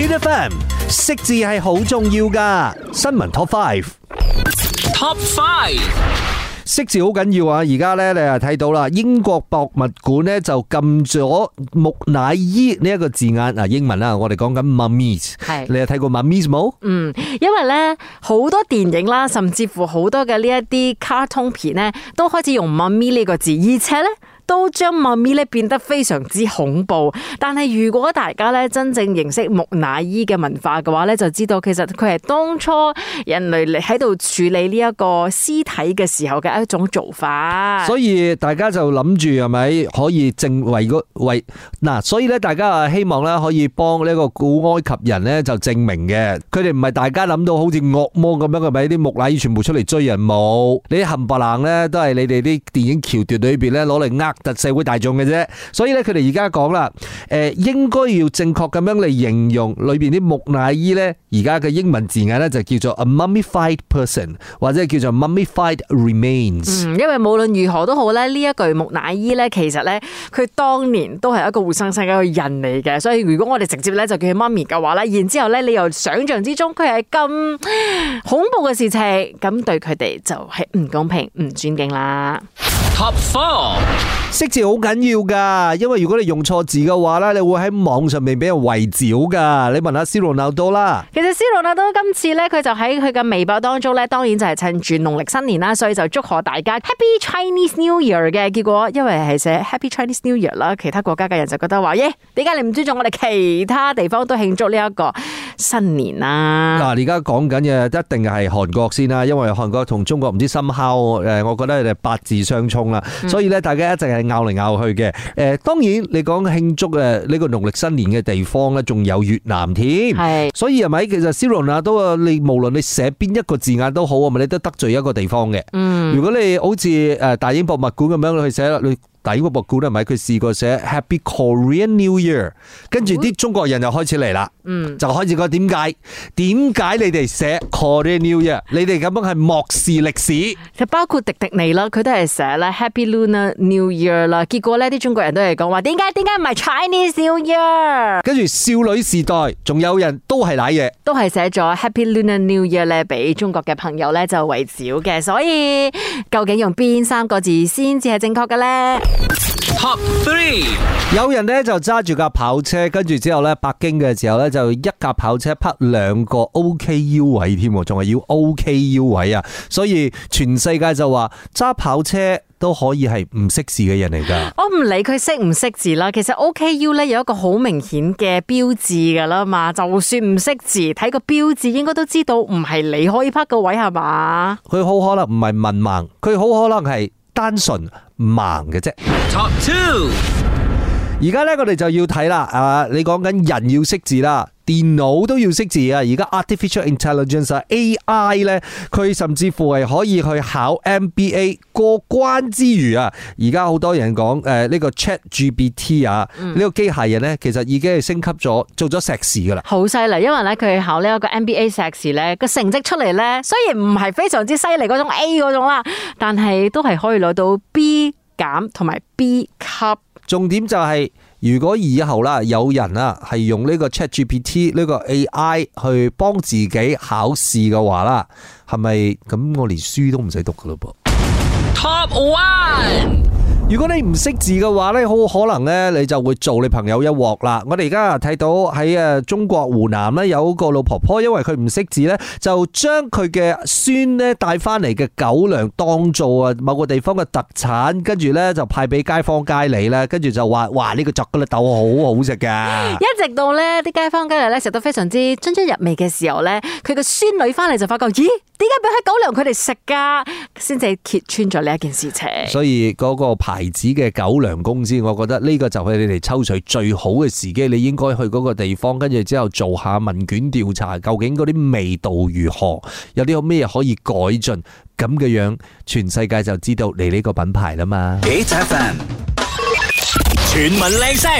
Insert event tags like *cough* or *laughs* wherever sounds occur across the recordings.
A. F. M. 識字係好重要噶，新聞 Top Five。Top Five。識字好緊要啊！而家咧，你又睇到啦，英國博物館咧就禁咗木乃伊呢一個字眼啊，英文啦，我哋講緊 mummy。係是。你又睇過 mummy 冇？嗯，因為咧好多電影啦，甚至乎好多嘅呢一啲卡通片咧，都開始用 mummy 呢個字，而且咧。都將媽咪咧變得非常之恐怖。但係如果大家咧真正認識木乃伊嘅文化嘅話咧，就知道其實佢係當初人類嚟喺度處理呢一個屍體嘅時候嘅一種做法。所以大家就諗住係咪可以證為為嗱？所以咧大家啊，希望咧可以幫呢一個古埃及人咧就證明嘅。佢哋唔係大家諗到好似惡魔咁樣，係咪？啲木乃伊全部出嚟追人冇？你冚唪冷咧都係你哋啲電影橋段裏邊咧攞嚟。呃。特社會大眾嘅啫，所以咧，佢哋而家講啦，誒，應該要正確咁樣嚟形容裏邊啲木乃伊咧，而家嘅英文字眼咧就叫做 a mummified person，或者叫做 mummified remains。嗯，因為無論如何都好咧，呢一具木乃伊咧，其實咧，佢當年都係一個活生生嘅一個人嚟嘅，所以如果我哋直接咧就叫佢媽咪嘅話咧，然之後咧，你又想象之中佢係咁恐怖嘅事情，咁對佢哋就係唔公平、唔尊敬啦。合識字好緊要噶，因為如果你用錯字嘅話咧，你會喺網上面俾人圍剿噶。你問下 C 朗拿度啦，其實 C 朗拿度今次咧，佢就喺佢嘅微博當中咧，當然就係趁住農曆新年啦，所以就祝賀大家 Happy Chinese New Year 嘅。結果因為係寫 Happy Chinese New Year 啦，其他國家嘅人就覺得話，咦，點解你唔尊重我哋其他地方都慶祝呢一個新年啦？嗱，而家講緊嘅一定係韓國先啦，因為韓國同中國唔知深烤，誒，我覺得係八字相沖。所以咧，大家一直係拗嚟拗去嘅。誒，當然你講慶祝誒呢個農曆新年嘅地方咧，仲有越南添。係，是的 所以係咪其實 C 羅納都啊？你無論你寫邊一個字眼都好，係咪你都得罪一個地方嘅。嗯，如果你好似誒大英博物館咁樣去寫啦，你。底係呢個博古咧，咪佢試過寫 Happy Korean New Year，跟住啲中國人又開始嚟啦，嗯，就開始講點解？點解你哋寫 Korean New Year？你哋咁樣係漠視歷史。就包括迪迪尼啦，佢都係寫咧 Happy Lunar New Year 啦，結果咧啲中國人都係講話點解？點解唔係 Chinese New Year？跟住少女時代，仲有人都係瀨嘢，都係寫咗 Happy Lunar New Year 咧俾中國嘅朋友咧就圍剿嘅，所以究竟用邊三個字先至係正確嘅咧？Top three，有人咧就揸住架跑車，跟住之後咧，北京嘅時候咧就一架跑車拍兩個 OKU 位添，仲係要 OKU 位啊！所以全世界就話揸跑車都可以係唔識字嘅人嚟噶。我唔理佢識唔識字啦，其實 OKU 咧有一個好明顯嘅標誌噶啦嘛，就算唔識字睇個標誌，應該都知道唔係你可以拍個位係嘛。佢好可能唔係文盲，佢好可能係。單純盲嘅啫。Top two，而家咧，我哋就要睇啦。啊，你講緊人要識字啦。電腦都要識字啊！而家 Artificial Intelligence 啊，AI 呢，佢甚至乎係可以去考 MBA 過關之餘啊，而家好多人講誒呢個 ChatGPT 啊，呢、嗯、個機械人呢，其實已經係升級咗做咗碩士噶啦。好犀利，因為呢，佢考呢一個 MBA 碩士呢個成績出嚟呢，雖然唔係非常之犀利嗰種 A 嗰種啦，但係都係可以攞到 B 減同埋 B 級。重點就係、是。如果以後啦，有人啊係用呢個 Chat GPT 呢個 AI 去幫自己考試嘅話啦，係咪咁我連書都唔使讀㗎喇噃？Top One 如果你唔識字嘅話呢，好可能呢，你就會做你朋友一鑊啦。我哋而家睇到喺誒中國湖南呢，有個老婆婆，因為佢唔識字呢，就將佢嘅孫呢帶翻嚟嘅狗糧當做啊某個地方嘅特產，跟住呢，就派俾街坊街里呢，跟住就話：，哇，呢、這個朱古力豆好好食噶。一直到呢啲街坊街里呢，食到非常之津津入味嘅時候呢，佢個孫女翻嚟就發覺：，咦，點解俾喺狗糧佢哋食噶？先至揭穿咗呢一件事情。所以嗰、那個。牌子嘅狗糧公司，我覺得呢個就係你哋抽取最好嘅時機，你應該去嗰個地方，跟住之後做下問卷調查，究竟嗰啲味道如何，有啲咩嘢可以改進咁嘅樣，全世界就知道你呢個品牌啦嘛。Eight FM 全民靚聲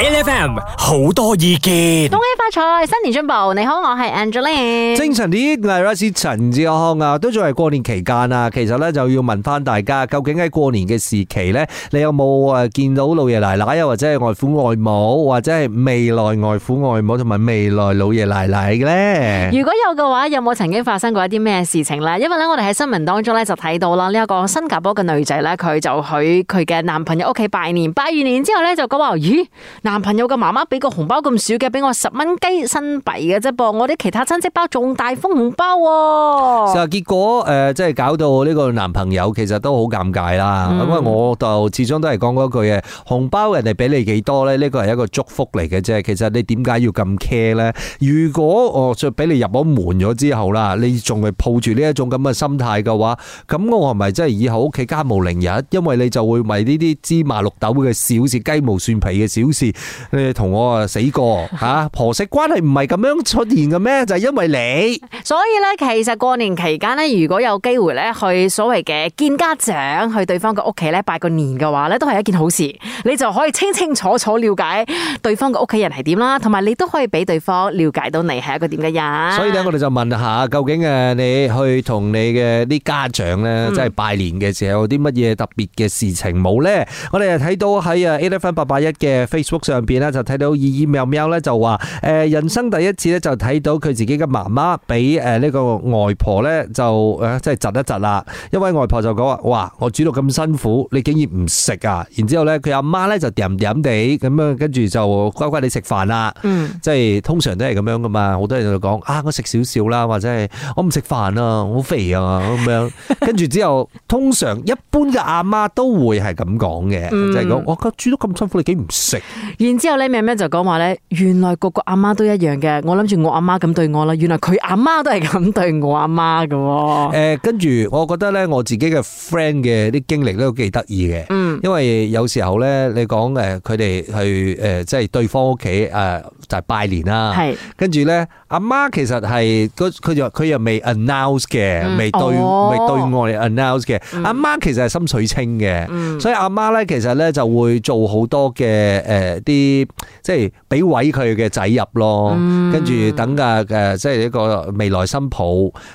，Eight FM 好多意見。新年進步，你好，我係 Angeline。精神啲，係 Rosie 陳志康啊，都仲係過年期間啊。其實咧就要問翻大家，究竟喺過年嘅時期咧，你有冇誒見到老爺奶奶啊，或者係外父外母，或者係未來外父外母同埋未來老爺奶奶嘅咧？如果有嘅話，有冇曾經發生過一啲咩事情咧？因為咧，我哋喺新聞當中咧就睇到啦，呢一個新加坡嘅女仔咧，佢就去佢嘅男朋友屋企拜年，拜完年之後咧就講話咦，男朋友嘅媽媽俾個紅包咁少嘅，俾我十蚊。雞新幣嘅啫噃，我啲其他親戚包仲大封紅包。事實結果誒，即係搞到呢個男朋友其實都好尷尬啦。咁啊，我就始終都係講嗰句嘅，紅包人哋俾你幾多咧？呢個係一個祝福嚟嘅啫。其實你點解要咁 care 咧？如果我再俾你入咗門咗之後啦，你仲係抱住呢一種咁嘅心態嘅話，咁我係咪真係以後屋企家無寧日？因為你就會為呢啲芝麻綠豆嘅小事，雞毛蒜皮嘅小事，誒，同我啊死過吓婆媳關係唔係咁樣出現嘅咩？就係因為你，所以咧，其實過年期間咧，如果有機會咧去所謂嘅見家長，去對方嘅屋企咧拜個年嘅話咧，都係一件好事。你就可以清清楚楚了解對方嘅屋企人係點啦，同埋你都可以俾對方了解到你係一個點嘅人。所以咧，我哋就問下究竟誒，你去同你嘅啲家長咧，即係拜年嘅時候有啲乜嘢特別嘅事情冇咧？嗯、我哋睇到喺誒 eleven 八八一嘅 Facebook 上邊咧，就睇到意意喵喵咧就話誒。人生第一次咧就睇到佢自己嘅媽媽俾誒呢個外婆咧就誒即係窒一窒啦。一位外婆就講話：，哇，我煮到咁辛苦，你竟然唔食啊！然之後咧，佢阿媽咧就嗲唔地咁樣，跟住就乖乖你食飯啦。即係、嗯就是、通常都係咁樣噶嘛。好多人就講：，啊，我食少少啦，或者係我唔食飯啊，好肥啊咁樣。跟住之後， *laughs* 通常一般嘅阿媽都會係咁講嘅，即係講：，我煮到咁辛苦，你竟然唔食？然之後咧，咩咩就講話咧，原來那個個阿阿媽都一樣嘅，我諗住我阿媽咁對我啦，原來佢阿媽都係咁對我阿媽嘅喎。誒，跟住我覺得咧，我自己嘅 friend 嘅啲經歷都幾得意嘅。嗯，因為有時候咧，你講誒，佢哋去誒，即係對方屋企誒，就係拜年啦。係，跟住咧，阿媽其實係個佢又佢又未 announce 嘅，未對未對我哋 announce 嘅。阿媽其實係心水清嘅，所以阿媽咧其實咧就會做好多嘅誒啲，即係俾委屈嘅仔入。咯，跟住、嗯、等啊，誒，即係呢個未來新抱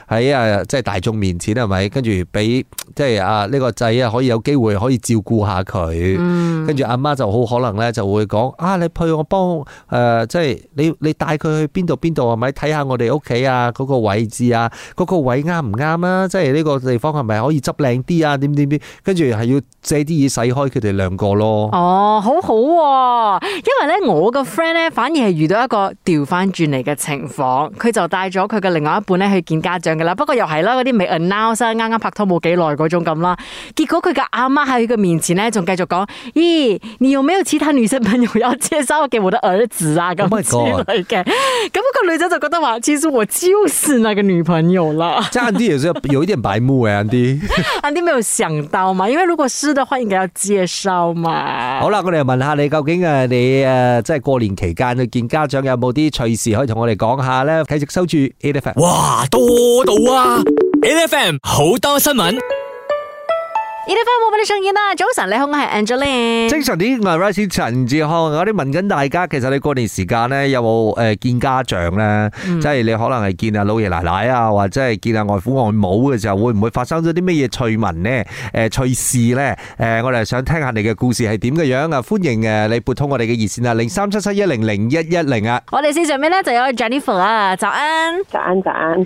喺啊，即係大眾面前係咪？跟住俾即係啊呢個仔啊，可以有機會可以照顧下佢。跟住阿媽就好可能咧，就會講啊，你配我幫誒，即、呃、係、就是、你你帶佢去邊度邊度係咪？睇下我哋屋企啊，個位置啊，嗰、那個位啱唔啱啊？即係呢個地方係咪可以執靚啲啊？點點點，跟住係要借啲嘢使開佢哋兩個咯。哦，好好、啊，因為咧我個 friend 咧反而係遇到一個，調翻轉嚟嘅情況，佢就帶咗佢嘅另外一半咧去見家長嘅啦。不過又係啦，嗰啲未 announce，啱啱拍拖冇幾耐嗰種咁啦。結果佢嘅阿媽喺佢個面前咧，仲繼續講：咦，你有冇有其他女性朋友要介紹嘅？我的兒子啊？咁之類嘅。咁個、oh、my god, 女仔就係覺得話，其實我就是那個女朋友啦。阿 Andy 有啲人白目誒 Andy a 冇有想到嘛，因為如果是嘅話，應該要介紹嘛。好啦，我哋又問下你究竟誒，你誒，即係過年期間去見家長有有冇啲隨時可以同我哋講下咧？繼續收住 a F M，哇多到啊！a F M 好多新聞。Jennifer，冇俾你上演啦。早晨，你好，我係 Angeline。早晨啲 rising 陳志康，我哋問緊大家，其實你過年時間咧有冇誒見家長咧？即係你可能係見阿老爺奶奶啊，或者係見阿外父外母嘅時候，會唔會發生咗啲咩嘢趣聞咧？誒，趣事咧？誒，我哋想聽下你嘅故事係點嘅樣啊！歡迎誒，你撥通我哋嘅熱線啊，零三七七一零零一一零啊。我哋線上面咧就有 Jennifer 啊，早安。早安，早安。